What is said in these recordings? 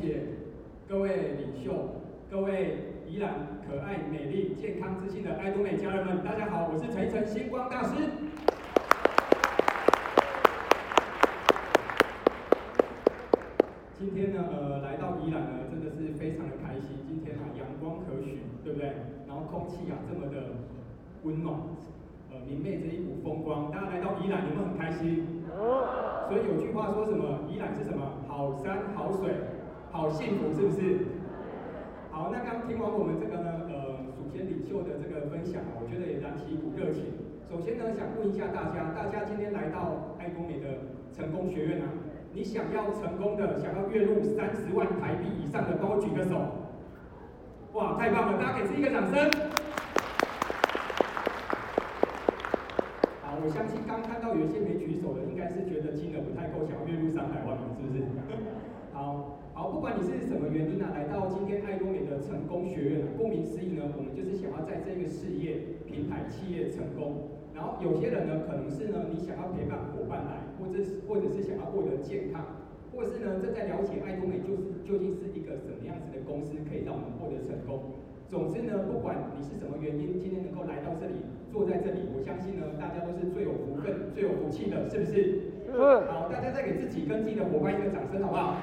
謝，各位領袖，各位宜蘭可愛、美麗、健康、自信的愛都美家人們，大家好，我是陳奕成，星光大師。今天呢，呃，來到宜蘭呢，真的是非常的開心。今天呢，啊，陽光可許，對不對？然後空氣啊，這麼的溫暖，呃，明媚這一股風光，大家來到宜蘭，有沒有很開心？所以有句話說什麼？宜蘭是什麼？好山好水。好幸福是不是？好，那剛聽完我們這個呢，呃，屬天領袖的這個分享，我覺得也燃起一股熱情。首先呢，想問一下大家，大家今天來到愛工美的成功學院啊，你想要成功的，想要月入三十萬台幣以上的，都舉個手。哇，太棒了，大家給自己一個掌聲。好，我相信剛看到有一些沒舉手的，應該是覺得金額不太夠，想要月入三百萬的，是不是？好。好，不管你是什麼原因呢、啊，來到今天艾多美的成功學院，顧名思義呢，我們就是想要在這個事業平台企業成功。然後有些人呢，可能是呢，你想要陪伴夥伴來，或者或者是想要獲得健康，或者是呢正在了解艾多美就是究竟是一個什麼樣子的公司，可以讓我們獲得成功。總之呢，不管你是什麼原因，今天能夠來到這裡坐在這裡，我相信呢，大家都是最有福分、最有福氣的，是不是？好，大家再給自己跟自己的夥伴一個掌聲，好不好？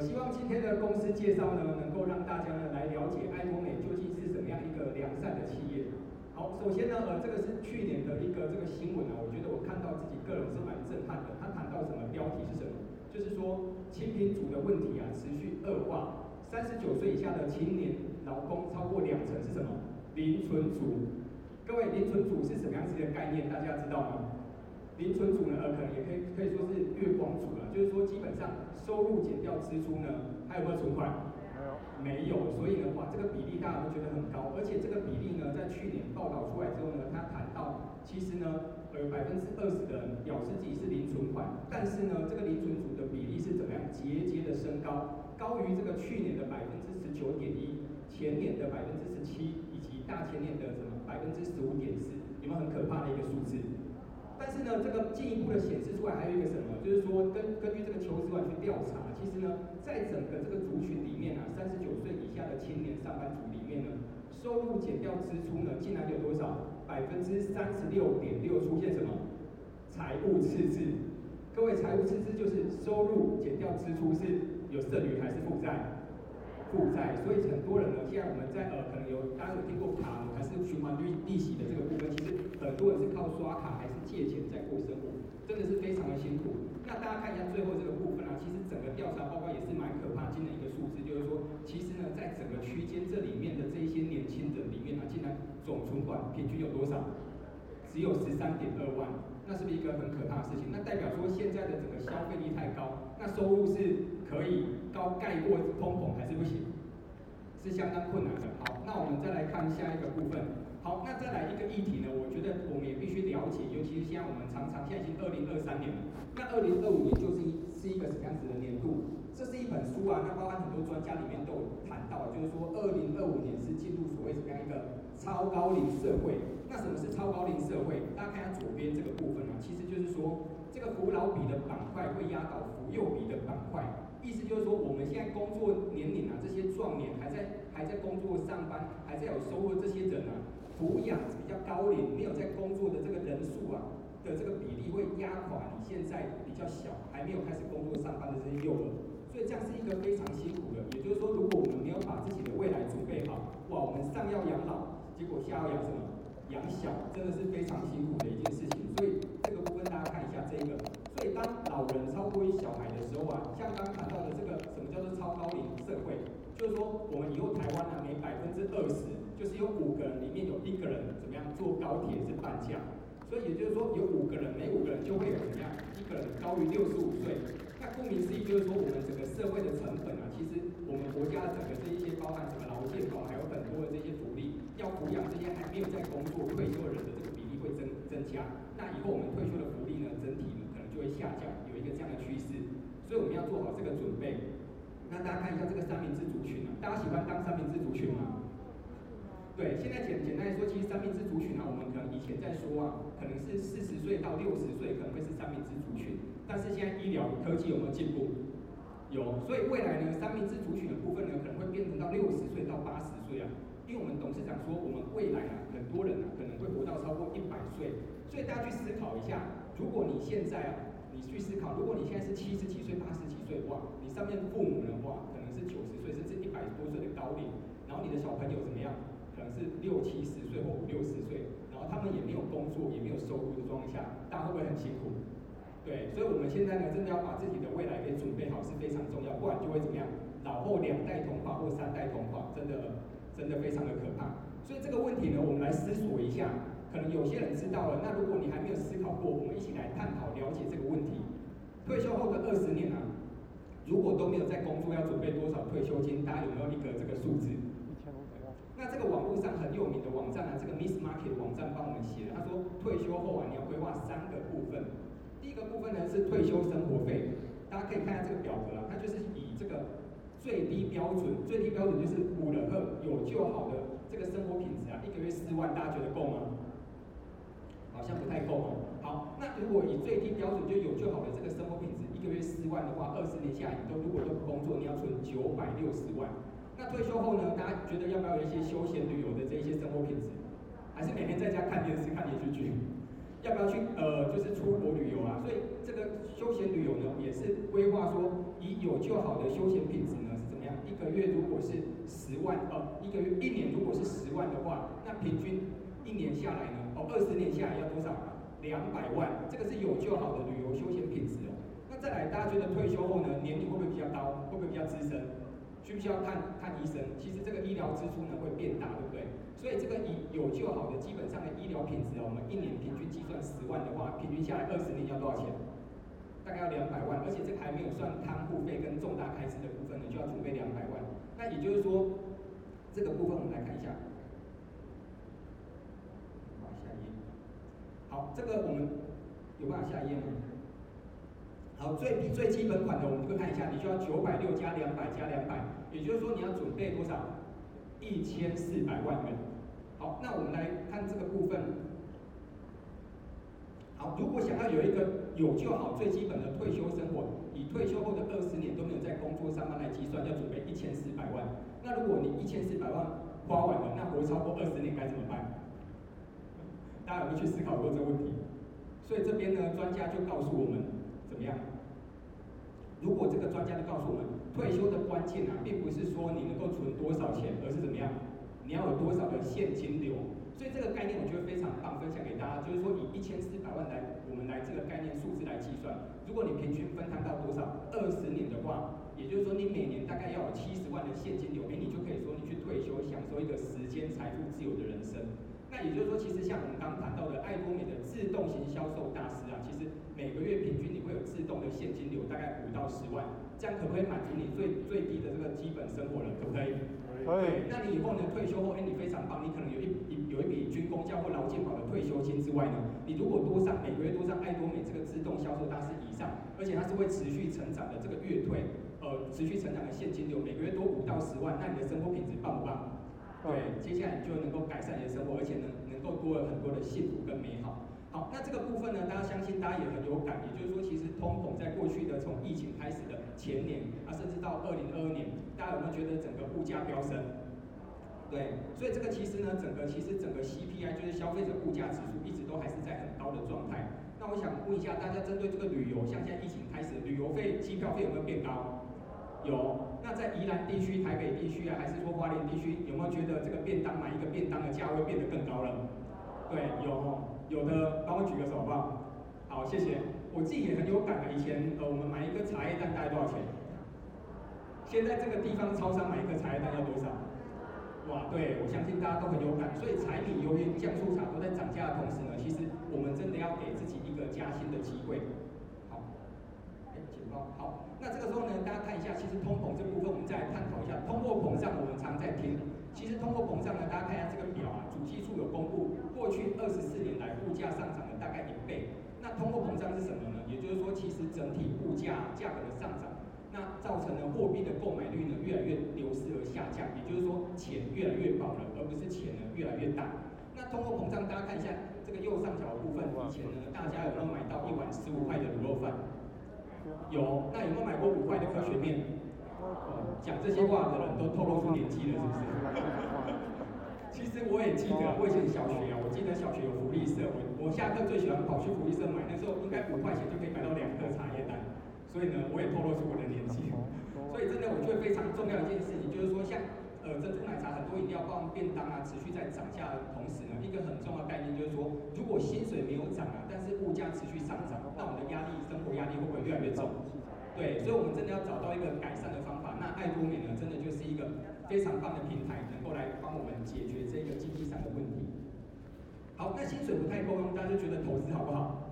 我希望今天的公司介紹呢，能夠讓大家呢來了解艾多美究竟是什麼樣一個良善的企業。好，首先呢，呃，這個是去年的一個這個新聞啊，我覺得我看到自己個人是蠻震撼的。他談到什麼標題是什麼？就是說，青貧族的問題啊持續惡化，三十九歲以下的青年勞工超過兩成是什麼？零存族。各位，零存族是什麼樣子的概念？大家知道嗎？零存族呢，呃，可能也可以可以說是月光族了，就是說基本上收入減掉支出呢，還有沒有存款？沒有，沒有，所以的話，這個比例大家都覺得很高，而且這個比例呢，在去年報道出來之後呢，他談到其實呢，呃，百分之二十的人表示自己是零存款，但是呢，這個零存族的比例是怎麼樣節節的升高，高於這個去年的百分之十九點一，前年的百分之十七，以及大前年的什麼百分之十五點四，有沒有很可怕的一個數字？但是呢，這個進一步的顯示出來，還有一個什麼，就是說根根據這個求職網去調查，其實呢，在整個這個族群裡面啊，三十九歲以下的青年上班族裡面呢，收入減掉支出呢，竟然有多少？百分之三十六點六出現什麼？財務赤字。各位，財務赤字就是收入減掉支出是有剩餘還是負債？負債。所以很多人呢，現在我們在呃，可能有，大家有聽過卡，還是循環利利息的這個部分，其實很多人是靠刷卡還是？借錢在過生活，真的是非常的辛苦。那大家看一下最後這個部分啊，其實整個調查報告也是蠻可怕的，今年一個數字，就是說，其實呢，在整個區間這裡面的這一些年輕人裡面啊，竟然總存款平均有多少？只有十三點二萬，那是不是一個很可怕的事情？那代表說現在的整個消費力太高，那收入是可以高蓋過通膨還是不行？是相當困難的。好，那我們再來看下一個部分。好，那再來一個議題呢？我覺得我們也必須了解，尤其是現在我們常常，現在已經二零二三年了，那二零二五年就是一是一個什麼樣子的年度？這是一本書啊，那包含很多專家裡面都有談到啊，就是說二零二五年是進入所謂什麼樣一個超高齡社會？那什麼是超高齡社會？大家看一下左邊這個部分啊，其實就是說這個扶老比的板塊會壓倒扶幼比的板塊，意思就是說我們現在工作年齡啊，這些壯年還在還在工作上班，還在有收入這些人啊。撫養比較高齡沒有在工作的這個人數啊的這個比例會壓垮你現在比較小還沒有開始工作上班的這些幼兒，所以這樣是一個非常辛苦的。也就是說，如果我們沒有把自己的未來準備好，哇，我們上要養老，結果下要養什麼？養小真的是非常辛苦的一件事情。所以這個部分大家看一下這個。所以當老人超過於小孩的時候啊，像剛剛談到的這個什麼叫做超高齡社會，就是說我們以後台灣啊每百分之二十。就是有五個人，裡面有一個人怎麼樣坐高鐵是半價，所以也就是說有五個人，每五個人就會有怎麼樣一個人高於六十五歲，那顧名思義就是說我們整個社會的成本啊，其實我們國家整個這一些包含什麼勞健保還有很多的這些福利，要撫養這些還沒有在工作退休的人的這個比例會增增加，那以後我們退休的福利呢，整體呢可能就會下降，有一個這樣的趨勢，所以我們要做好這個準備。那大家看一下這個三明治族群啊，大家喜歡當三明治族群嗎？對，現在簡簡單來說，其實三明治族群啊，我們可能以前在說啊，可能是四十歲到六十歲，可能會是三明治族群。但是現在醫療科技有沒有進步？有，所以未來呢，三明治族群的部分呢，可能會變成到六十歲到八十歲啊。因為我們董事長說，我們未來啊，很多人啊，可能會活到超過一百歲。所以大家去思考一下，如果你現在啊，你去思考，如果你現在是七十幾歲、八十幾歲的話，你上面父母的話，可能是九十歲甚至一百多歲的高齡，然後你的小朋友怎麼樣？可能是六七十歲或五六十歲，然後他們也沒有工作，也沒有收入的狀況下，大家會不會很辛苦？對，所以我們現在呢，真的要把自己的未來給準備好是非常重要，不然就會怎麼樣？老後兩代同化或三代同化，真的真的非常的可怕。所以這個問題呢，我們來思索一下。可能有些人知道了，那如果你還沒有思考過，我們一起來探討了解這個問題。退休後的二十年啊，如果都沒有在工作，要準備多少退休金？大家有沒有一個這個數字？那這個網絡上很有名的網站啊，這個 Miss Market 網站幫我們寫的，他說退休後啊，你要規劃三個部分。第一個部分呢是退休生活費，大家可以看一下這個表格啊，它就是以這個最低標準，最低標準就是五人二有就好的這個生活品質啊，一個月四萬，大家覺得夠嗎？好像不太夠哦、喔。好，那如果以最低標準就是、有就好的這個生活品質，一個月四萬的話，二十年下來，你都如果都不工作，你要存九百六十萬。那退休後呢？大家覺得要不要有一些休閒旅遊的這一些生活品質，還是每天在家看電視看電視劇？要不要去呃，就是出國旅遊啊？所以這個休閒旅遊呢，也是規劃說以有就好的休閒品質呢是怎麼樣？一個月如果是十萬，呃，一個月一年如果是十萬的話，那平均一年下來呢，哦，二十年下來要多少？兩百萬，這個是有就好的旅遊休閒品質哦。那再來，大家覺得退休後呢，年齡會不會比較高？會不會比較資深？需不需要看看醫生？其實這個醫療支出呢，會變大，對不對？所以這個以有救好的基本上的醫療品質啊，我們一年平均計算十萬的話，平均下來二十年要多少錢？大概要兩百萬，而且這個還沒有算看護費跟重大開支的部分呢，你就要準備兩百萬。那也就是說，這個部分我們來看一下。往下一頁。好，這個我們有辦法下頁嗎？好，最最基本款的，我們會看一下，你需要九百六加兩百加兩百，也就是說你要準備多少？一千四百萬元。好，那我們來看這個部分。好，如果想要有一個有就好最基本的退休生活，你退休後的二十年都沒有在工作上班來計算，要準備一千四百萬。那如果你一千四百萬花完了，那會超過二十年該怎麼辦？大家有沒有去思考過這個問題？所以這邊呢，專家就告訴我們。怎麼樣？如果這個專家就告訴我們，退休的關鍵啊，並不是說你能夠存多少錢，而是怎麼樣？你要有多少的現金流？所以這個概念我覺得非常棒，分享給大家。就是說，以一千四百萬來，我們來這個概念數字來計算，如果你平均分攤到多少二十年的話，也就是說，你每年大概要有七十萬的現金流，哎，你就可以說你去退休，享受一個時間財富自由的人生。那也就是說，其實像我們剛剛談到的愛多美的自動型銷售大師啊，其實每個月平均你會有自動的現金流大概五到十萬，這樣可不可以滿足你最最低的這個基本生活了？可不可以？可以。那你以後呢？退休後，哎、欸，你非常棒，你可能有一有一筆軍公教或勞健保的退休金之外呢，你如果多上每個月多上愛多美這個自動銷售大師以上，而且它是會持續成長的，這個月退呃持續成長的現金流，每個月多五到十萬，那你的生活品質棒不棒？對，接下來你就能夠改善你的生活，而且能能夠多了很多的幸福跟美好。好，那這個部分呢，大家相信大家也很有感，也就是說，其實通膨在過去的從疫情開始的前年，啊，甚至到二零二二年，大家有沒有覺得整個物價飆升？對，所以這個其實呢，整個其實整個 CPI 就是消費者物價指數一直都還是在很高的狀態。那我想問一下大家，針對這個旅遊，像現在疫情開始，旅遊費、機票費有沒有變高？有，那在宜蘭地區、台北地區啊，還是說花蓮地區，有沒有覺得這個便當買一個便當的價位變得更高了？對，有，有的，幫我舉個手，好不好？好，謝謝。我自己也很有感啊，以前呃，我們買一個茶葉蛋大概多少錢？現在這個地方超商買一個茶葉蛋要多少？哇，對，我相信大家都很有感，所以柴米油鹽醬醋茶都在漲價的同時呢，其實我們真的要給自己一個加薪的機會。好，哎、欸，請報好。那這個時候呢，大家看一下，其實通膨這部分我們再來探討一下。通貨膨脹我們常在聽，其實通貨膨脹呢，大家看一下這個表啊，主計處有公布過去二十四年來物價上漲了大概一倍。那通貨膨脹是什麼呢？也就是說，其實整體物價價、啊、格的上漲，那造成了貨幣的購買率呢越來越流失而下降，也就是說錢越來越薄了，而不是錢呢越來越大。那通貨膨脹，大家看一下這個右上角的部分，以前呢，大家有沒有買到一碗十五塊的滷肉飯？有，那有沒有買過五塊的科學麵？呃，講這些話的人都透露出年紀了，是不是？ 其實我也記得，我以前小學啊，我記得小學有福利社，我我下課最喜歡跑去福利社買，那時候應該五塊錢就可以買到兩顆茶葉蛋，所以呢，我也透露出我的年紀。 所以真的，我覺得非常重要的一件事情，就是說像。呃，珍珠奶茶、很多飲料、放便當啊，持續在漲價的同時呢，一個很重要的概念就是說，如果薪水沒有漲啊，但是物價持續上漲，那我們的壓力，生活壓力會不會越來越重？對，所以，我們真的要找到一個改善的方法。那艾多美呢，真的就是一個非常棒的平台，能夠來幫我們解決這個經濟上的問題。好，那薪水不太夠用，大家就覺得投資好不好？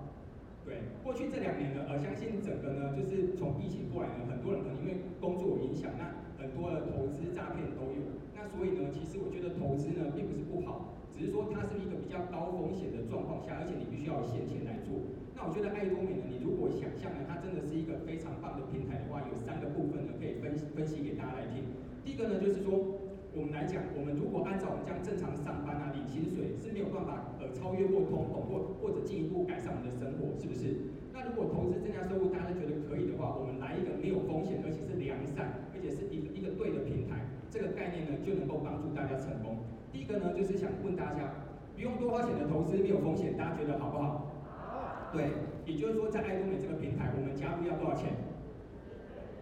對，過去這兩年呢，呃，相信整個呢，就是從疫情過來呢，很多人可能因為工作有影響，那。很多的投資詐騙都有，那所以呢，其實我覺得投資呢，並不是不好，只是說它是一個比較高風險的狀況下，而且你必須要閒錢來做。那我覺得艾多美呢，你如果想象呢，它真的是一個非常棒的平台的話，有三個部分呢可以分分析給大家來聽。第一個呢就是說，我們來講，我們如果按照我們這樣正常上班啊，領薪水是沒有辦法呃超越或通膨或或者進一步改善我們的生活，是不是？那如果投資增加收入，大家覺得可以的話，我們來一個沒有風險，而且是良善，而且是一一個對的平台，這個概念呢就能夠幫助大家成功。第一個呢就是想問大家，不用多花錢的投資，沒有風險，大家覺得好不好？好。對，也就是說在愛多美這個平台，我們加入要多少錢？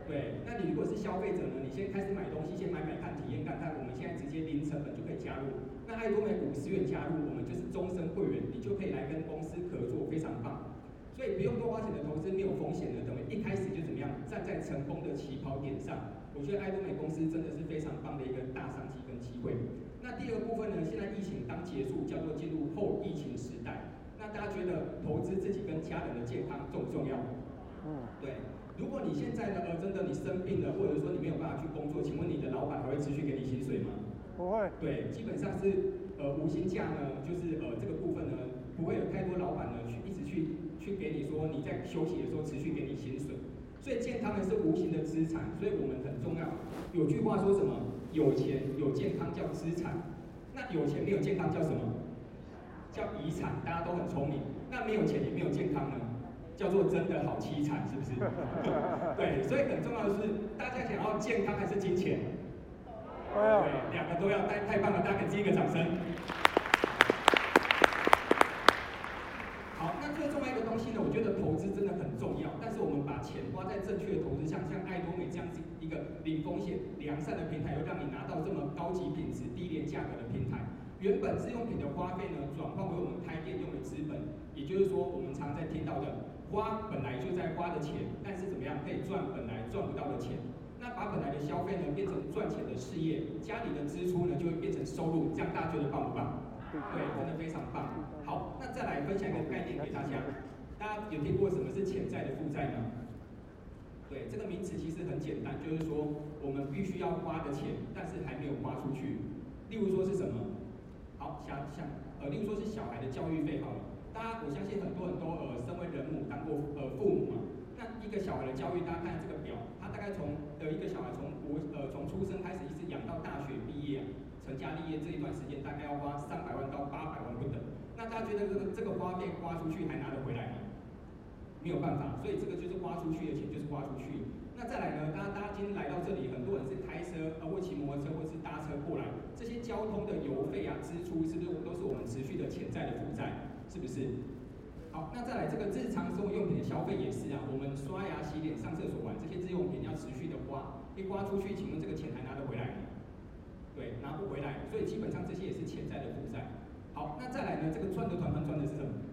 對。那你如果是消費者呢？你先開始買東西，先買買看體驗看看。我們現在直接零成本就可以加入。那愛多美五十元加入，我們就是終身會員，你就可以來跟公司合作，非常棒。所以不用多花錢的投資，沒有風險的，等於一開始就怎麼樣，站在成功的起跑點上。我覺得艾多美公司真的是非常棒的一個大商機跟機會。那第二部分呢？現在疫情剛結束，叫做進入後疫情時代。那大家覺得投資自己跟家人的健康重不重要？嗯、不會。對。如果你現在呢，呃，真的你生病了，或者說你沒有辦法去工作，請問你的老板還會持續給你薪水嗎？對，基本上是呃，無薪假呢，就是呃，這個部分呢，不會有太多老板呢去一直去。去給你說，你在休息的時候持續給你薪水，所以健康的是無形的資產，所以我們很重要。有句話說什麼？有錢有健康叫資產，那有錢沒有健康叫什麼？叫遺產。大家都很聰明，那沒有錢也沒有健康呢？叫做真的好淒慘，是不是？對，所以很重要的是，大家想要健康還是金錢？對，兩個都要。太太棒了，大家給自己一個掌聲。重要，但是我們把錢花在正確的投資上，像愛多美這樣子一個零風險、良善的平台，又讓你拿到這麼高級品質、低廉價格的平台，原本日用品的花費呢，轉換為我們開店用的資本，也就是說，我們常在聽到的花本來就在花的錢，但是怎麼樣可以賺本來賺不到的錢？那把本來的消費呢，變成賺錢的事業，家裡的支出呢，就會變成收入，這樣大家覺得棒不棒？對，真的非常棒。好，那再來分享一個概念給大家。大家有聽過什麼是潛在的負債嗎？對，這個名詞其實很簡單，就是說我們必須要花的錢，但是還沒有花出去。例如說是什麼？好，想想呃，例如說是小孩的教育費，好了，大家我相信很多很多呃，身為人母當過呃父母嘛，那一個小孩的教育，大家看這個表，他大概從的，呃、一個小孩從國呃從出生開始，一直養到大學畢業，啊，成家立業這一段時間，大概要花三百萬到八百萬不等。那大家覺得這個這個花費花出去還拿得回來嗎？沒有辦法，所以這個就是花出去的錢就是花出去。那再來呢？大家大家今天來到這裡，很多人是開車，呃、啊，會騎摩托車，或是搭車過來。這些交通的油費啊，支出是不是都是我們持續的潛在的負債？是不是？好，那再來這個日常生活用品的消費也是啊。我們刷牙、洗臉、上廁所玩、玩這些日用品要持續的花，一花出去，請問這個錢還拿得回來嗎？對，拿不回來。所以基本上這些也是潛在的負債。好，那再來呢？這個賺的團團轉的是什麼？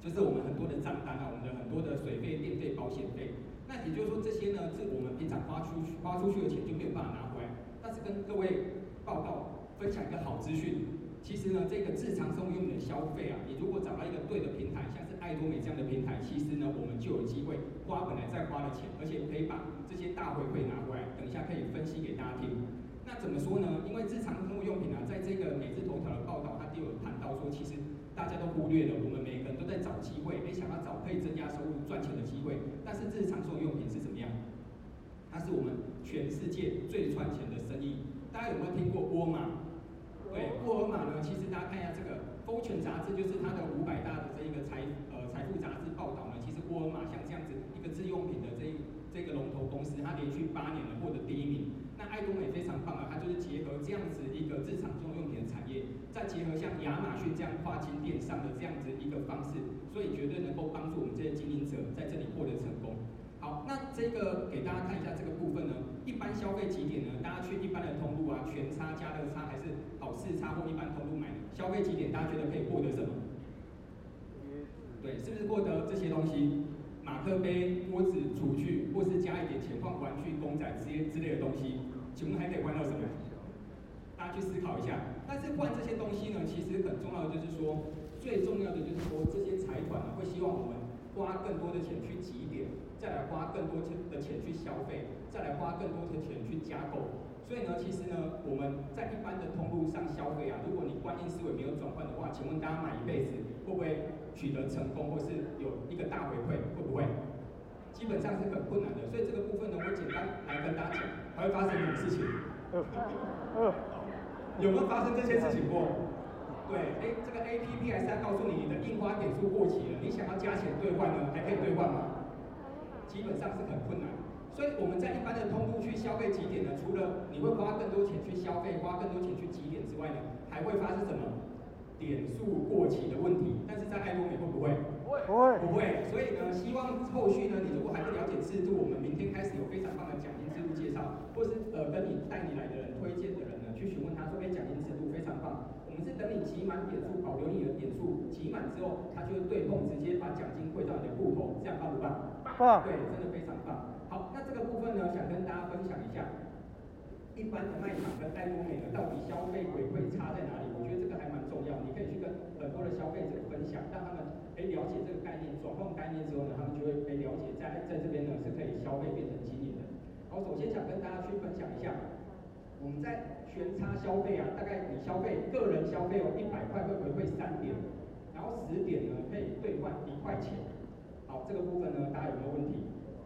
就是我們很多的賬單啊，我們的很多的水費、電費、保險費，那也就是說這些呢，是我們平常花出去、花出去的錢就沒有辦法拿回來。但是跟各位報告分享一個好資訊，其實呢，這個日常生活用品的消費啊，你如果找到一個對的平台，像是艾多美這樣的平台，其實呢，我們就有機會花本來在花的錢，而且可以把這些大回饋拿回來。等一下可以分析給大家聽。那怎麼說呢？因為日常生活用品啊，在這個每日頭條的報道，它都有談到說，其實。大家都忽略了，我們每個人都在找機會，哎，想要找可以增加收入、賺錢的機會。但是日常生活用品是怎麼樣？它是我們全世界最賺錢的生意。大家有沒有聽過沃爾瑪？對，哦、沃爾瑪呢，其實大家看一下這個《福卷》雜誌，就是它的五百大的這一個財呃財富雜誌報道呢。其實沃爾瑪像這樣子一個日用品的這一這個龍頭公司，它連續八年呢獲得第一名。那愛多美非常棒啊，它就是結合這樣子一個日常生活用品的產。再結合像亞馬遜這樣跨境電商的這樣子一個方式，所以絕對能夠幫助我們這些經營者在這裡獲得成功。好，那這個給大家看一下這個部分呢。一般消費幾點呢？大家去一般的通路啊，全差加熱差，還是好四差或一般通路買？消費幾點？大家覺得可以獲得什麼？對，是不是獲得這些東西？馬克杯、鍋子、廚具，或是加一點錢換玩具、公仔這些之類的東西？請問還可以玩到什麼？大、啊、家去思考一下。但是換這些東西呢，其實很重要的就是說，最重要的就是說，這些財團呢會希望我們花更多的錢去集點，再來花更多的錢的錢去消費，再來花更多的錢去加購。所以呢，其實呢，我們在一般的通路上消費啊，如果你觀念思維沒有轉換的話，請問大家買一輩子會不會取得成功，或是有一個大回饋？會不會？基本上是很困難的。所以這個部分呢，我簡單來跟大家講，還會發生什麼事情？啊啊有沒有發生這些事情過？對，哎、欸，這個 APP 還是要告訴你你的印花點數過期了，你想要加錢兌換呢，還可以兌換嗎？基本上是很困難。所以我們在一般的通路去消費積點，呢，除了你會花更多錢去消費、花更多錢去積點之外呢，還會發生什麼點數過期的問題？但是在愛多美會不會？不會，不會。所以呢，希望後續呢，你如果還不了解制度，我們明天開始有非常棒的獎金制度介紹，或是呃，跟你帶你來的人推薦的。去詢問他說：“哎，獎金制度非常棒，我們是等你集滿點數，保留你的點數，集滿之後，他就會對碰，直接把獎金匯到你的戶頭，這樣棒不棒？”棒、wow.。對，真的非常棒。好，那這個部分呢，想跟大家分享一下，一般的賣場跟代慕美呢，到底消費回饋差在哪裡？我覺得這個還蠻重要，你可以去跟很多的消費者分享，讓他們可以了解這個概念，轉換概念之後呢，他們就會可以了解，在在這邊呢是可以消費變成經營的。好，首先想跟大家去分享一下。我們在全差消費啊，大概你消費個人消費哦，一百塊會回饋三點，然後十點呢可以兌換一塊錢，好，這個部分呢大家有沒有問題？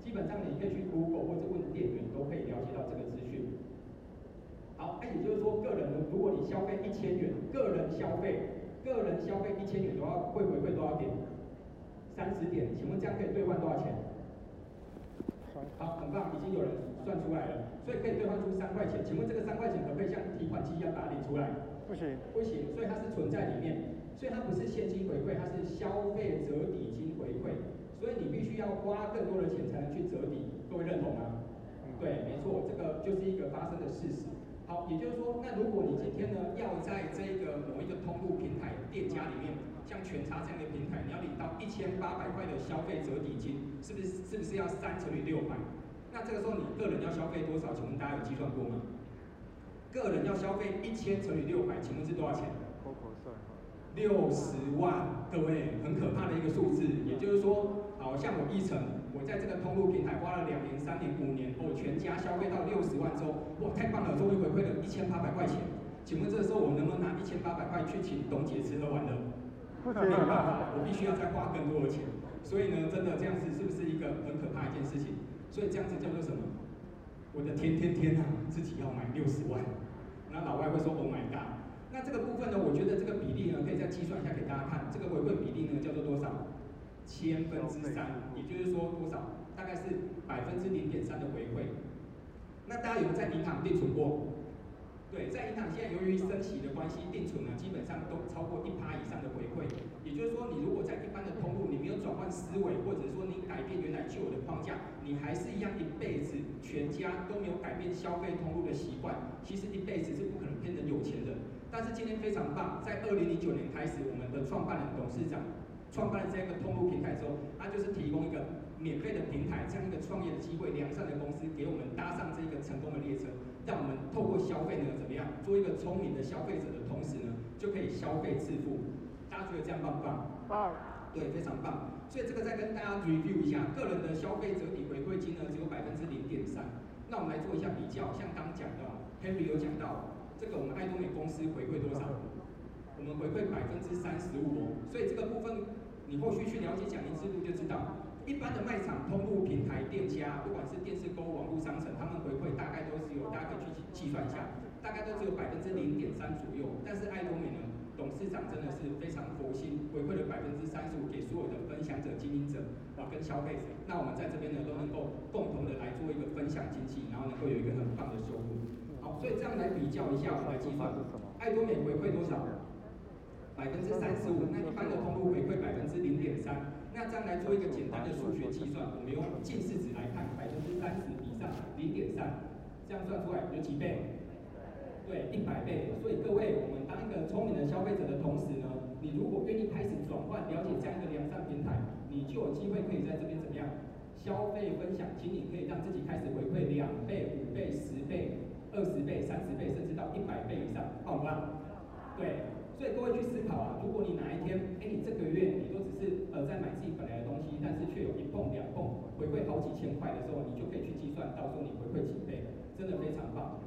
基本上你可以去 Google 或者問店員都可以了解到這個資訊。好，那、啊、也就是說，個人如果你消費一千元，個人消費，個人消費一千元的話會回饋多少點？三十點，請問這樣可以兌換多少錢？好，很棒，已經有人。算出來了，所以可以兌換出三塊錢。請問這個三塊錢可不可以像提款機一樣把它領出來？不行，不行。所以它是存在裡面，所以它不是現金回饋，它是消費折抵金回饋。所以你必須要花更多的錢才能去折抵。各位認同嗎？嗯、對，沒錯，這個就是一個發生的事實。好，也就是說，那如果你今天呢要在這個某一個通路平台店家裡面，像全差這樣的平台，你要領到一千八百塊的消費折抵金，是不是？是不是要三乘以六百？那這個時候你個人要消費多少？請問大家有計算過嗎？個人要消費一千乘以六百，請問是多少錢？六十萬。各位，很可怕的一個數字。也就是說，好像我一層，我在這個通路平台花了兩年、三年、五年，我全家消費到六十萬之後，哇，太棒了，終於回饋了一千八百塊錢。請問這個時候我能不能拿一千八百塊去請董姐吃喝玩樂？沒有辦法，我必須要再花更多的錢。所以呢，真的這樣子是不是一個很可怕的一件事情？所以這樣子叫做什麼？我的天天天啊，自己要買六十萬，那老外會說 Oh my God。那這個部分呢，我覺得這個比例呢，可以再計算一下給大家看。這個回饋比例呢，叫做多少？千分之三，okay。也就是說多少？大概是百分之零點三的回饋。那大家有在銀行定存過？對，在銀行現在由於升息的關係，定存呢基本上都超過一趴以上的回饋。也就是說，你如果在一般的通路，你沒有轉換思維，或者說你改變原來舊的框架，你還是一樣一輩子全家都沒有改變消費通路的習慣，其實一輩子是不可能變成有錢人。但是今天非常棒，在二零零九年開始，我們的創辦人董事長創辦了這個通路平台之後，他就是提供一個免費的平台，這樣一個創業的機會，良善的公司給我們搭上這個成功的列車。讓我們透過消費呢，怎麼樣做一個聰明的消費者的同時呢，就可以消費致富。大家覺得這樣棒不棒？棒。對，非常棒。所以這個再跟大家 review 一下，個人的消費者的回饋金呢只有百分之零點三。那我們來做一下比較，像剛講到 Henry 有講到，這個我們艾多美公司回饋多少？我們回饋百分之三十五。所以這個部分你後續去了解獎勵制度就知道。一般的賣場通路平台店家，不管是電視購物、網絡商城，他們回饋大概都是有，大家可以去計算一下，大概都只有百分之零點三左右。但是愛多美呢，董事長真的是非常佛心，回饋了百分之三十五給所有的分享者、經營者、哇、啊、跟消費者。那我們在這邊呢都能夠共同的來做一個分享經濟，然後能夠有一個很棒的收入。好，所以這樣來比較一下，我們來計算，愛多美回饋多少？百分之三十五。那一般的通路回饋百分之零點三。那這樣來做一個簡單的數學計算，我們用近似值來看，百分之三十比上零點三，這樣算出來有幾倍？對，一百倍。所以各位，我們當一個聰明的消費者的同時呢，你如果願意開始轉換，了解這樣一個良善平台，你就有機會可以在這邊怎麼樣消費分享？請你可以讓自己開始回饋兩倍、五倍、十倍、二十倍、三十倍，甚至到一百倍以上，好吧？對。所以各位去思考啊，如果你哪一天，哎、欸，你這個月你都只是呃在買自己本來的東西，但是卻有一碰兩碰回饋好幾千塊的時候，你就可以去計算，到時候你回饋幾倍，真的非常棒。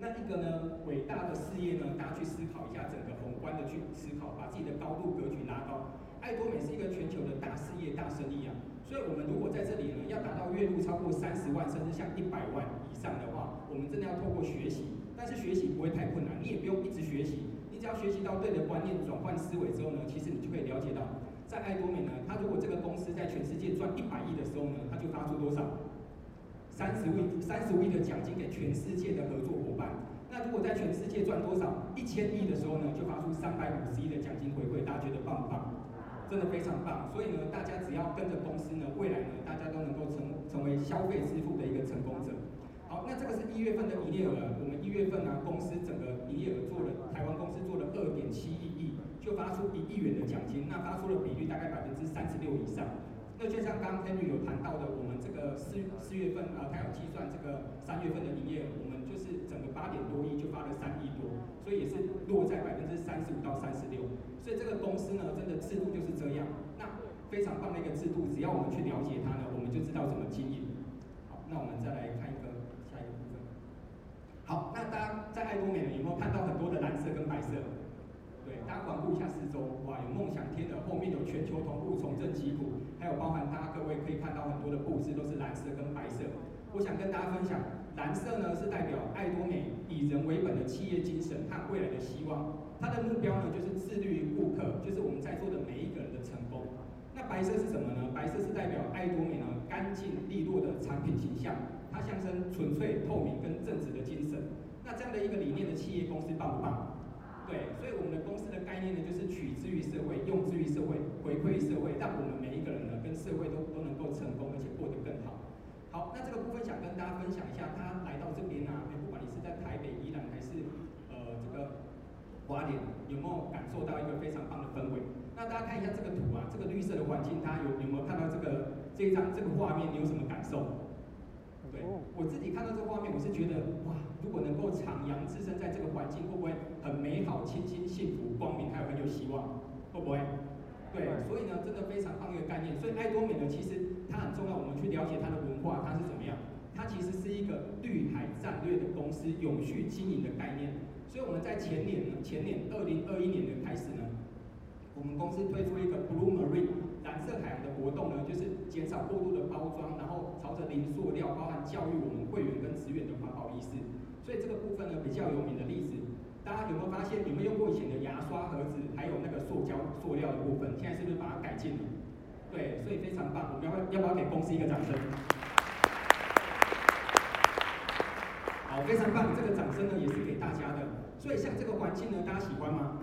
那一個呢，偉大的事業呢，大家去思考一下，整個宏觀的去思考，把自己的高度格局拉高。艾多美是一個全球的大事業、大生意啊。所以我們如果在這裡呢，要達到月入超過三十萬，甚至像一百萬以上的話，我們真的要透過學習，但是學習不會太困難，你也不用一直學習。要學習到對的觀念，轉換思維之後呢，其實你就可以了解到，在愛多美呢，它如果這個公司在全世界賺一百億的時候呢，它就發出多少三十億、三十億的獎金給全世界的合作夥伴。那如果在全世界賺多少一千億的時候呢，就發出三百五十億的獎金回饋大家，覺得棒不棒？真的非常棒。所以呢，大家只要跟着公司呢，未來呢，大家都能夠成成為消費致富的一個成功者。好，那這個是一月份的營業額，我們一月份呢、啊，公司整個營業額做了，台灣公司做了二點七一億，就發出一億元的獎金，那發出的比率大概百分之三十六以上。那就像剛剛 Henry 有談到的，我們這個四四月份啊，他有計算這個三月份的營業額，我們就是整個八點多億就發了三億多，所以也是落在百分之三十五到三十六。所以這個公司呢，真的制度就是這樣。那非常棒的一個制度，只要我們去了解它呢，我們就知道怎麼經營。好，那我們再來看一個。好，那大家在艾多美有沒有看到很多的藍色跟白色？對，大家環顧一下四周，哇，有夢想天的，後面有全球同步重振旗鼓，還有包含大家各位可以看到很多的故事，都是藍色跟白色。我想跟大家分享，藍色呢是代表艾多美以人為本的企業精神和未來的希望，它的目標呢就是致力於顧客，就是我們在座的每一個人的成功。那白色是什麼呢？白色是代表艾多美呢乾淨利落的產品形象。它象徵純粹、透明，跟正直的精神，那這樣的一個理念的企業公司棒不棒？對，所以我們的公司的概念呢，就是取之於社會，用之於社會，回饋於社會，讓我們每一個人呢，跟社會都都能夠成功，而且過得更好。好，那這個部分想跟大家分享一下，他來到這邊啊、欸，不管你是在台北、宜蘭、還是呃這個花蓮，有沒有感受到一個非常棒的氛圍？那大家看一下這個圖啊，這個綠色的環境，他有有沒有看到這個這一張這個畫面？你有什麼感受？對，我自己看到這個畫面，我是覺得哇，如果能夠徜徉自身在這個環境，會不會很美好、清新、幸福、光明，還有很有希望？會不會？對，所以呢，這個非常棒一個概念。所以愛多美呢，其實它很重要，我們去了解它的文化，它是怎麼樣？它其實是一個綠海戰略的公司，永續經營的概念。所以我們在前年，前年二零二一年的開始呢，我們公司推出一個 Blue Marine。藍色海洋的活動呢，就是減少過度的包裝，然後朝着零塑料，包含教育我們會員跟職員的環保意識。所以這個部分呢，比較有名的例子，大家有沒有發現？有沒有用過以前的牙刷盒子，還有那個塑膠塑料的部分？現在是不是把它改進了？對，所以非常棒。我們要不要，要不要給公司一個掌聲？好，非常棒。這個掌聲呢，也是給大家的。所以像這個環境呢，大家喜歡嗎？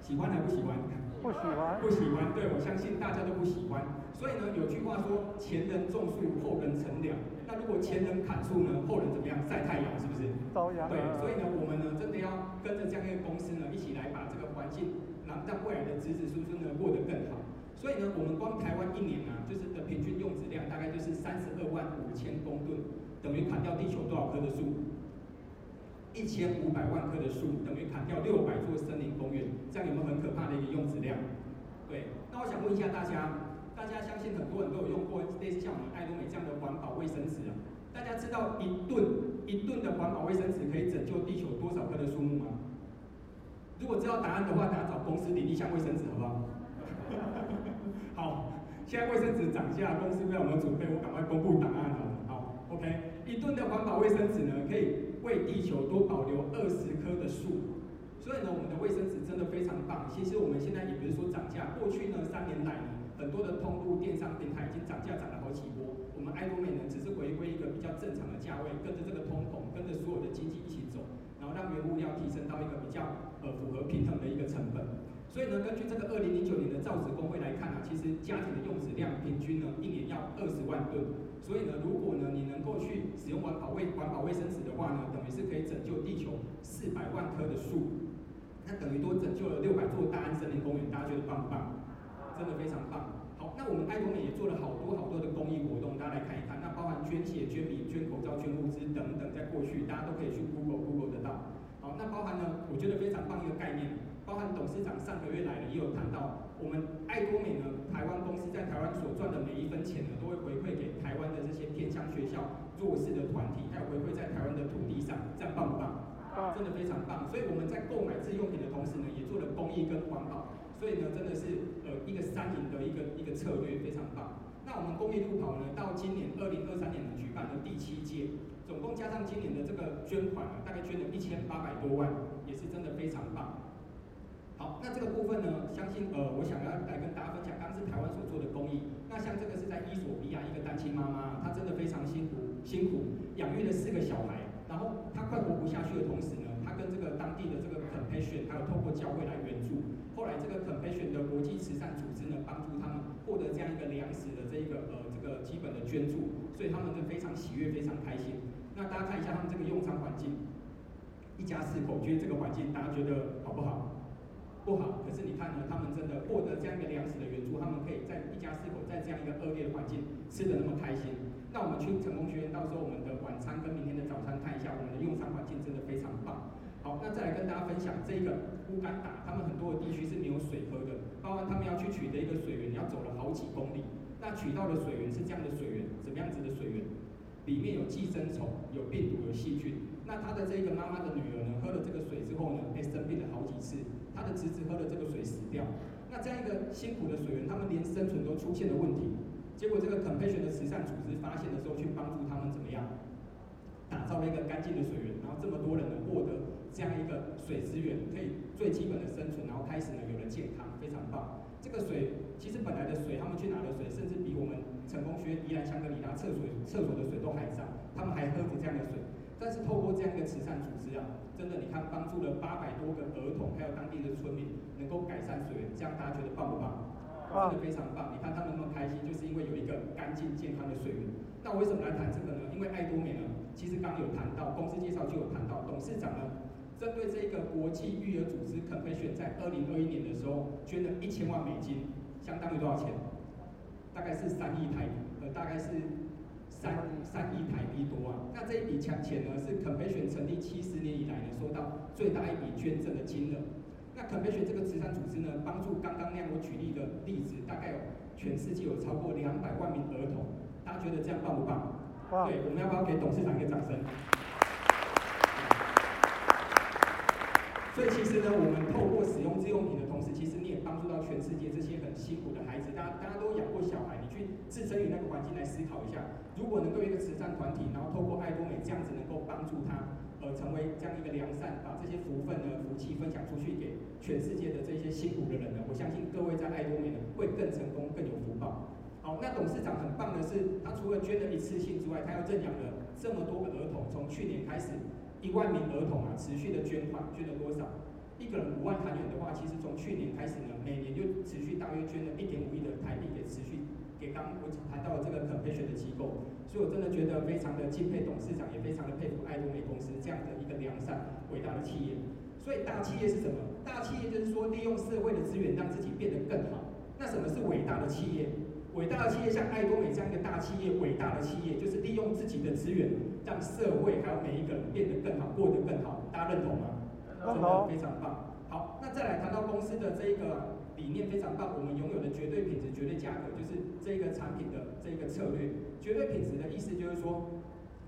喜歡還不喜歡？不喜歡、啊，不喜歡。對，我相信大家都不喜歡。所以呢，有句話說，前人種樹，後人乘涼。那如果前人砍樹呢，後人怎麼樣曬太陽？是不是糟糕？對，所以呢，我們呢，真的要跟着這樣一個公司呢，一起來把這個環境，讓讓未來的子子孫孫呢過得更好。所以呢，我們光台灣一年呢、啊，就是的平均用紙量大概就是三十二萬五千公噸，等於砍掉地球多少棵的樹？一千五百萬棵的樹，等於砍掉六百座森林公園，這樣有沒有很可怕的一個用紙量？對，那我想問一下大家，大家相信很多人都有用過類似像我們艾多美這樣的環保衛生紙啊？大家知道一噸、一噸的環保衛生紙可以拯救地球多少棵的樹木嗎？如果知道答案的話，大家找公司領一箱衛生紙，好不好？ 好，現在衛生紙漲價，公司不知道有沒有準備，我趕快公布答案好了。好，OK，一噸的環保衛生紙呢，可以。為地球多保留二十棵的樹，所以呢，我們的衛生紙真的非常棒。其實我們現在也不是說漲價，過去呢三年來呢，很多的通路電商平台已經漲價漲了好幾波。我們艾多美呢，只是回歸一個比較正常的價位，跟着這個通膨，跟着所有的經濟一起走，然後讓原物料提升到一個比較呃符合平衡的一個成本。所以呢，根據這個二零零九年的造紙工會來看啊，其實家庭的用紙量平均呢一年要二十萬噸。所以呢，如果呢，你能夠去使用環保衛環保衛生紙的話呢，等於是可以拯救地球四百萬棵的樹，那等於都拯救了六百座大安森林公園，大家覺得棒不棒？真的非常棒。好，那我們愛多美也做了好多好多的公益活動，大家來看一看，那包含捐血、捐米、捐口罩、捐物資等等，在過去大家都可以去 Google Google 得到。好，那包含呢，我覺得非常棒一個概念。包含董事長上個月來了，也有談到，我們愛多美呢，台灣公司在台灣所賺的每一分錢呢，都會回饋給台灣的這些偏鄉學校弱勢的團體，還有回饋在台灣的土地上，這樣棒不棒？真的非常棒。所以我們在購買日用品的同時呢，也做了公益跟環保，所以呢，真的是呃一個三贏的一個一個策略，非常棒。那我們公益路跑呢，到今年二零二三年呢舉辦的第七屆，總共加上今年的這個捐款啊，大概捐了一千八百多萬，也是真的非常棒。好，那這個部分呢，相信呃，我想要來跟大家分享，剛是台灣所做的公益。那像這個是在伊索比亞一個單親媽媽，她真的非常辛苦辛苦養育了四個小孩，然後她快活不下去的同時呢，她跟這個當地的這個 Compassion 還有透過教會來援助，後來這個 Compassion 的國際慈善組織呢，幫助他們獲得這樣一個糧食的這一個呃這個基本的捐助，所以他們就非常喜悅，非常開心。那大家看一下他們這個用餐環境，一家四口，覺得這個環境大家覺得好不好？不好，可是你看呢？他們真的獲得這樣一個糧食的援助，他們可以在一家四口在這樣一個惡劣的環境吃得那麼開心。那我們去成功學院，到時候我們的晚餐跟明天的早餐看一下，我們的用餐環境真的非常棒。好，那再來跟大家分享這個烏干達，他們很多的地區是沒有水喝的，包含他們要去取得一個水源，你要走了好幾公里。那取到的水源是這樣的水源，怎麼樣子的水源？裡面有寄生蟲、有病毒、有細菌。那他的這個媽媽的女兒呢，喝了這個水之後呢，被生病了好幾次。他的侄子喝了這個水死掉，那這樣一個辛苦的水源，他們連生存都出現了問題。結果這個 Compassion 的慈善組織發現的時候，去幫助他們怎麼樣，打造了一個乾淨的水源，然後這麼多人獲得這樣一個水資源，可以最基本的生存，然後開始呢有了健康，非常棒。這個水其實本來的水，他們去拿的水，甚至比我們成功學院宜蘭香格里拉廁所廁所的水都還髒，他們還喝著這樣的水。但是透過這樣一個慈善組織啊，真的你看幫助了八百多個兒童，還有當地的村民能夠改善水源，這樣大家覺得棒不棒？棒，真的非常棒！你看他們那麼開心，就是因為有一個乾淨健康的水源。那我為什麼來談這個呢？因為愛多美呢，其實剛有談到公司介紹就有談到，董事長呢針對這個國際育兒組織 Compassion 在二零二一年的時候捐了一千萬美金，相當於多少錢？大概是三億台幣，呃，大概是。三三億台幣多啊！那這一筆強錢呢，是 Compassion 成立七十年以來呢收到最大一筆捐贈的金額。那 Compassion 這個慈善組織呢，幫助剛剛那樣我舉例的例子，大概有全世界有超過兩百萬名兒童。大家覺得這樣棒不棒？Wow. 對，我們要不要給董事長一個掌聲？Wow. 所以其實呢，我們透過使用自用品的同時，其實助到全世界這些很辛苦的孩子，大家大家都養過小孩，你去置身於那個環境來思考一下，如果能夠一個慈善團體，然後透過愛多美這樣子能夠幫助他，呃，成為這樣一個良善，把這些福分呢、福氣分享出去給全世界的這些辛苦的人呢，我相信各位在愛多美呢會更成功、更有福報。好，那董事長很棒的是，他除了捐了一次性之外，他要認養了這麼多個兒童，從去年開始，一萬名兒童啊，持續的捐款，捐了多少？一個人五萬韓元的話，其實從去年開始呢，每年就持續大約捐了一點五億的台幣，給持續給當我談到了這個 compassion 的機構，所以我真的覺得非常的敬佩董事長，也非常的佩服愛多美公司這樣的一個良善偉大的企業。所以大企業是什麼？大企業就是說利用社會的資源讓自己變得更好。那什麼是偉大的企業？偉大的企業像愛多美這樣一個大企業，偉大的企業就是利用自己的資源讓社會還有每一個人變得更好，過得更好。大家認同嗎？真的非常棒。好，那再來談到公司的這一個理念，非常棒。我們擁有的絕對品質、絕對價格，就是這一個產品的這一個策略。絕對品質的意思就是說，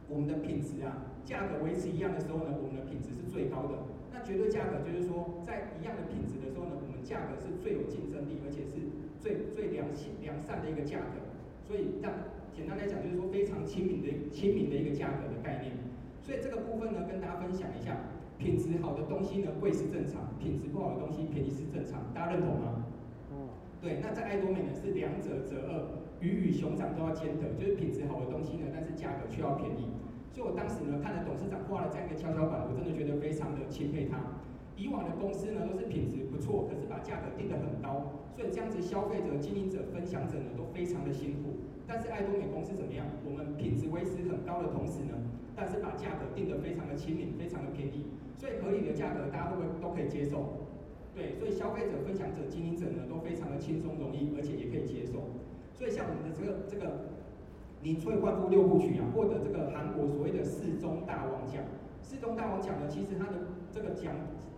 我們的品質啊，價格維持一樣的時候呢，我們的品質是最高的。那絕對價格就是說，在一樣的品質的時候呢，我們價格是最有競爭力，而且是最最良心、良善的一個價格。所以這樣，讓簡單來講，就是說非常親民的、親民的一個價格的概念。所以這個部分呢，跟大家分享一下。品質好的東西呢貴是正常，品質不好的東西便宜是正常，大家認同嗎？嗯、對，那在愛多美呢是兩者擇二，魚與熊掌都要兼得，就是品質好的東西呢，但是價格卻要便宜。所以我當時呢看了董事長畫了這樣一個蹺蹺板，我真的覺得非常的欽佩他。以往的公司呢都是品質不錯，可是把價格定得很高，所以這樣子消費者、經營者、分享者呢都非常的辛苦。但是愛多美公司怎麼樣？我們品質維持很高的同時呢，但是把價格定得非常的親民，非常的便宜。最合理的價格，大家都會都可以接受，對，所以消費者、分享者、經營者呢，都非常的輕鬆、容易，而且也可以接受。所以像我們的這個這個“寧翠換膚六部曲”啊，獲得這個韓國所謂的“四中大王獎”。四中大王獎呢，其實它的這個獎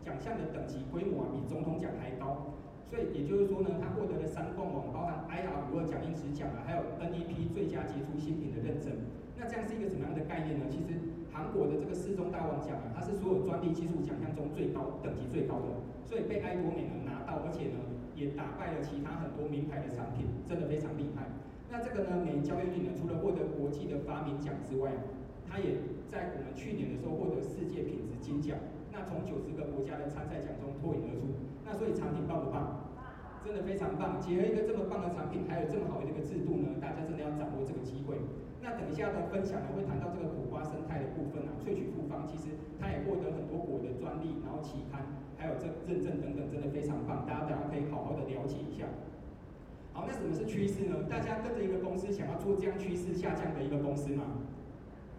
獎項的等級規模啊，比總統獎還高。所以也就是說呢，他獲得了三冠王，包含 IR 五二獎金詞獎啊，還有 NEP 最佳傑出新品的認證。那這樣是一個什麼樣的概念呢？其實。韓國的這個世宗大王獎啊，它是所有專利技術獎項中最高等級最高的，所以被艾多美呢拿到，而且呢也打敗了其他很多名牌的產品，真的非常厲害。那這個呢，美嬌韻呢，除了獲得國際的發明獎之外，它也在我們去年的時候獲得世界品質金獎。那從九十個國家的參賽獎中脫穎而出，那所以產品棒不棒？棒，真的非常棒。結合一個這麼棒的產品，還有這麼好的一個制度呢，大家真的要掌握這個機會。那等一下的分享呢，會談到這個苦瓜生態的部分啊，萃取複方，其實它也獲得很多國的專利，然後期刊，還有這認證等等，真的非常棒，大家等下可以好好的了解一下。好，那什麼是趨勢呢？大家跟着一個公司想要做這樣趨勢下降的一個公司嗎？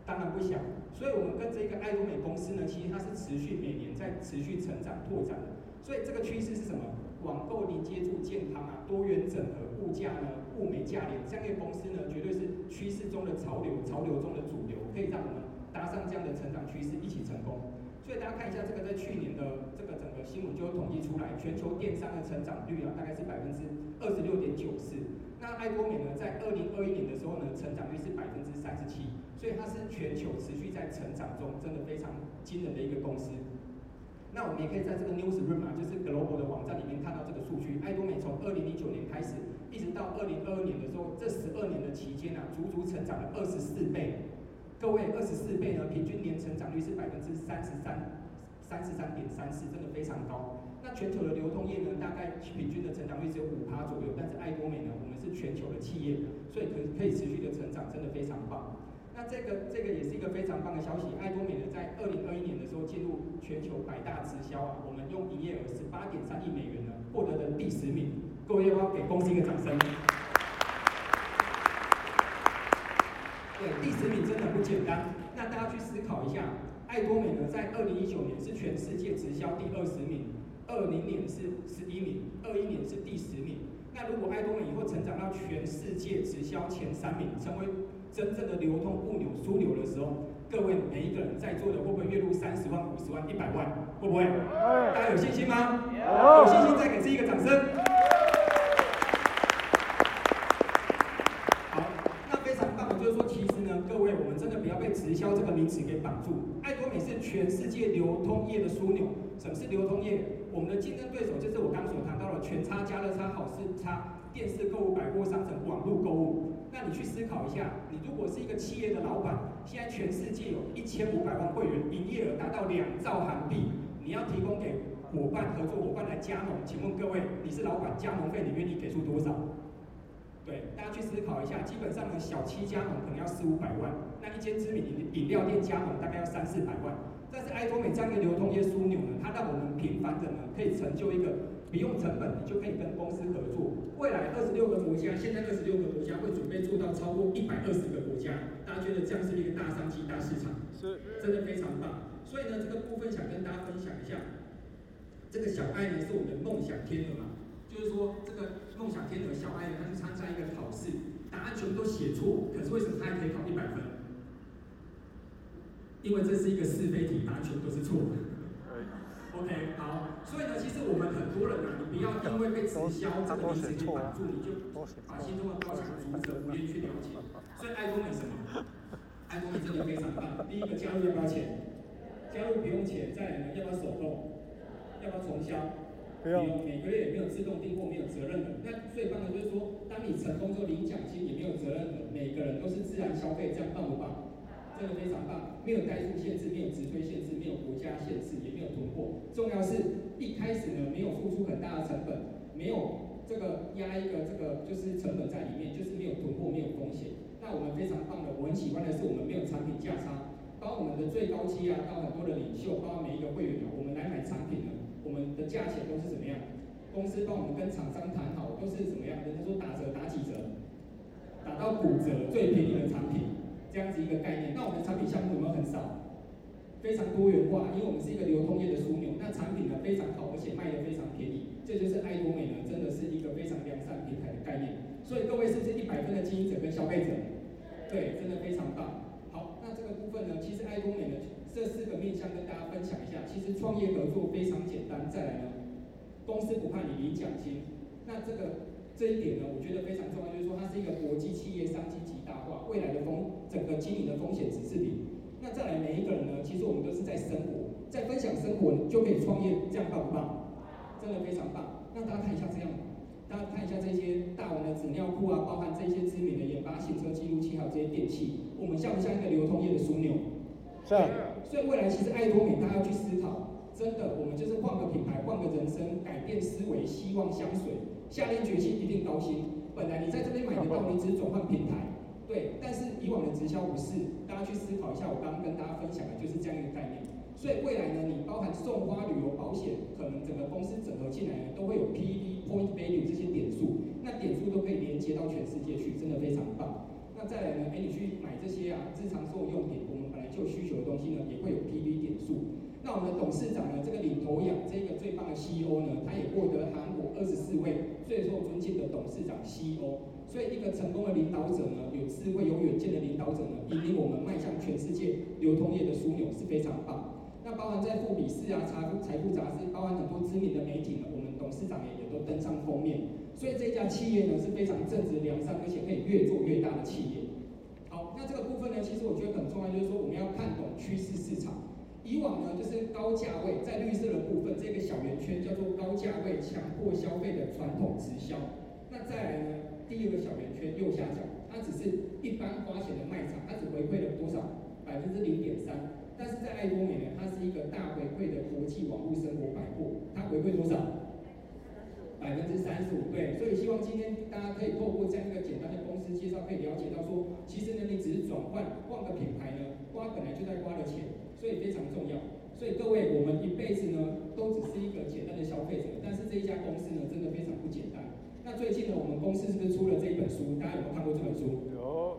當然不想，所以我們跟着一個艾多美公司呢，其實它是持續每年在持續成長拓展的。所以這個趨勢是什麼？網購零接觸健康啊，多元整合物價呢。物美價廉，這樣的公司呢，絕對是趨勢中的潮流，潮流中的主流，可以讓我們搭上這樣的成長趨勢，一起成功。所以大家看一下這個，在去年的這個整個新聞就統計出來，全球電商的成長率啊，大概是百分之二十六點九四。那艾多美呢，在二零二一年的時候呢，成長率是百分之三十七，所以它是全球持續在成長中，真的非常驚人的一個公司。那我們也可以在這個 newsroom 啊，就是 global 的網站裡面看到這個數據。艾多美從二零零九年開始。一直到二零二二年的時候，這十二年的期間呢、啊，足足成長了二十四倍。各位，二十四倍呢，平均年成長率是百分之三十三，三十三點三四，真的非常高。那全球的流通業呢，大概平均的成長率只有五趴左右，但是愛多美呢，我們是全球的企業，所以可以可以持續的成長，真的非常棒。那這個這個也是一個非常棒的消息。愛多美呢，在二零二一年的時候進入全球百大直銷啊，我們用營業額是八點三億美元呢，獲得了第十名。各位要不要給公司一個掌聲？對，第十名真的不簡單。那大家去思考一下，愛多美呢，在二零一九年是全世界直銷第二十名，二零年是十一名，二一年是第十名。那如果愛多美以後成長到全世界直銷前三名，成為真正的流通物流樞紐的時候，各位每一個人在座的會不會月入三十萬、五十萬、一百萬？會不會？大家有信心嗎？有信心再給自己一個掌聲。直銷這個名詞給綁住，艾多美是全世界流通業的樞紐。什麼是流通業？我們的競爭對手就是我剛所談到的全差、加的差、好事差、電視購物、百貨商城、網絡購物。那你去思考一下，你如果是一個企業的老闆，現在全世界有一千五百萬會員，營業額達到兩兆韓幣，你要提供給夥伴、合作夥伴來加盟，請問各位，你是老闆，加盟費你願意給出多少？對，大家去思考一下，基本上呢，小七加盟可能要四五百萬，那一間知名的飲料店，加盟大概要三四百萬。但是艾多美這樣的流通業樞紐呢，它讓我們頻繁的呢，可以成就一個不用成本，你就可以跟公司合作。未來二十六個國家，現在二十六個國家會準備做到超過一百二十個國家，大家覺得這樣是一個大商機、大市場，真的非常棒。所以呢，這個部分想跟大家分享一下，這個小艾呢，是我們的夢想天鵝嘛，就是說這個。夢想天成小愛，他去參加一個考試，答案全部都寫錯，可是為什麼他還可以考一百分？因為這是一個是非題，答案全部都是錯的。OK，好，所以呢，其實我們很多人呢、啊，你不要因為被直銷這個名詞給綁住，你就把心中的高牆阻着，不願去了解。了所以愛工有什麼？ 愛工真的非常棒。第一個，加入要不要錢？加入不用錢。再來呢？要不要手工，要不要重銷？沒有，每個月也沒有自動訂貨，沒有責任的。那最棒的就是說，當你成功之後領獎金，也沒有責任的。每個人都是自然消費，這樣棒不棒？真的非常棒，沒有代數限制，沒有直推限制，沒有國家限制，也沒有囤貨。重要是一開始呢，沒有付出很大的成本，沒有這個壓一個這個就是成本在裡面，就是沒有囤貨，沒有風險。那我們非常棒的，我很喜歡的是我們沒有產品價差。當我們的最高階啊，到很多的領袖，包括每一個會員啊，我們來買產品呢我們的價錢都是怎麼樣？公司幫我們跟廠商談好，都、就是怎麼樣？人家說打折，打幾折，打到骨折最便宜的產品，這樣子一個概念。那我們的產品項目有沒有很少，非常多元化，因為我們是一個流通業的樞紐。那產品呢非常好，而且賣的非常便宜，這就是愛多美呢真的是一個非常良善平台的概念。所以各位是不是一百分的經營者跟消費者？對，真的非常棒。好，那這個部分呢，其實愛多美呢。這四個面向跟大家分享一下，其實創業合作非常簡單。再來呢，公司不怕你領獎金。那這個這一點呢，我覺得非常重要，就是說它是一個國際企業，商機極大化，未來的風整個經營的風險只是零。那再來每一個人呢，其實我們都是在生活，在分享生活你就可以創業，這樣棒不棒？真的非常棒。那大家看一下這樣，大家看一下這些大王的紙尿褲啊，包含這些知名的研發行車記錄器還有這些電器，我們像不像一個流通業的樞紐？是。所以未來其實愛多美大家要去思考，真的，我們就是換個品牌，換個人生，改變思維，希望香水下定決心一定高薪。本來你在這邊買得到，你只是轉換平台。對，但是以往的直銷不是，大家去思考一下。我剛剛跟大家分享的就是這樣一個概念。所以未來呢，你包含送花、旅遊、保險，可能整個公司整合進來呢，都會有 P E D Point Value 這些點數，那點數都可以連接到全世界去，真的非常棒。那再來呢，誒，你去買這些啊，日常生活用品。就需求的東西呢，也會有 PV 點數。那我們的董事長呢，這個領頭羊，這個最棒的 CEO 呢，他也獲得韓國二十四位最受尊敬的董事長 CEO。所以，一個成功的領導者呢，有智慧、有遠見的領導者呢，引領我們邁向全世界流通業的樞紐是非常棒。那包含在富比斯啊、財富、財富雜誌，包含很多知名的媒體呢，我們董事長也也都登上封面。所以，這家企業呢，是非常正直、良善，而且可以越做越大的企業。那這個部分呢，其實我覺得很重要，就是說我們要看懂趨勢市場。以往呢，就是高價位在綠色的部分，這個小圓圈叫做高價位強迫消費的傳統直銷。那再來呢，第一個小圓圈右下角，它只是一般花錢的賣場，它只回饋了多少百分之零點三。但是在愛多美呢，它是一個大回饋的國際網絡生活百貨，它回饋多少？百分之三十五，對，所以希望今天大家可以透過這樣一個簡單的公司介紹，可以了解到說，其實呢，你只是轉換換個品牌呢，花本來就在花的錢，所以非常重要。所以各位，我們一輩子呢，都只是一個簡單的消費者，但是這一家公司呢，真的非常不簡單。那最近呢，我們公司是不是出了這一本書？大家有沒有看過這本書？有。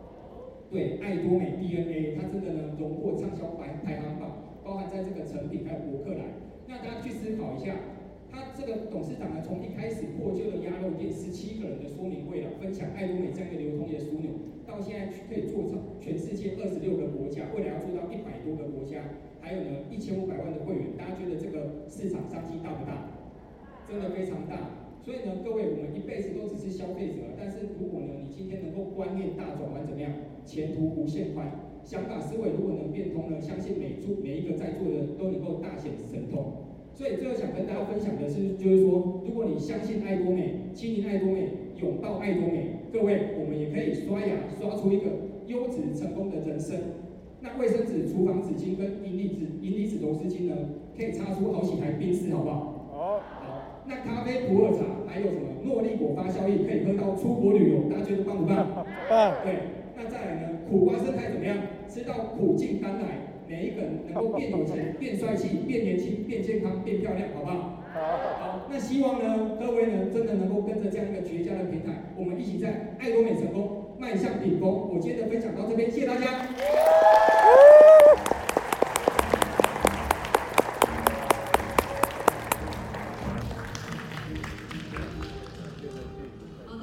對，愛多美 DNA，它真的呢，榮獲暢銷排排行榜，包含在這個誠品還有博客來。那大家去思考一下。他、啊、這個董事長呢，從一開始破舊的鴨肉店，十七個人的說明會啊，分享艾多美這樣一個流通業樞紐，到現在可以做成全世界二十六個國家，未來要做到一百多個國家，還有呢一千五百萬的會員，大家覺得這個市場商機大不大？真的非常大。所以呢，各位我們一輩子都只是消費者，但是如果呢你今天能夠觀念大轉彎，怎麼樣？前途無限寬。想法思維如果能變通呢，相信每住每一個在座的人都能夠大顯神通。所以最後想跟大家分享的是，就是說，如果你相信愛多美，經營愛多美，擁抱愛多美，各位，我們也可以刷牙刷出一個優質成功的人生。那衛生紙、廚房紙巾跟銀離子、銀離子柔濕巾呢，可以擦出好幾台賓士，好不好？好。好。那咖啡、普洱茶還有什麼？諾麗果發酵液可以喝到出國旅遊，大家覺得棒不棒？棒。對。那再來呢？苦瓜生菜怎麼樣？吃到苦盡甘來。每一個人能夠變有錢、變帥氣、變年輕、變健康、變漂亮，好不好？好，好，好？好，那希望呢，各位呢，真的能夠跟着這樣一個絕佳的平台，我們一起在愛多美成功邁向頂峰。我今天的分享到這邊，謝謝大家。